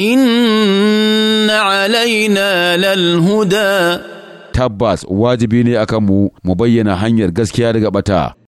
إن علينا للهدى tabbas wajibi ne akan mu mu bayyana hanyar gaskiya daga ɓata.